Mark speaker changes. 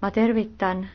Speaker 1: ma tervitan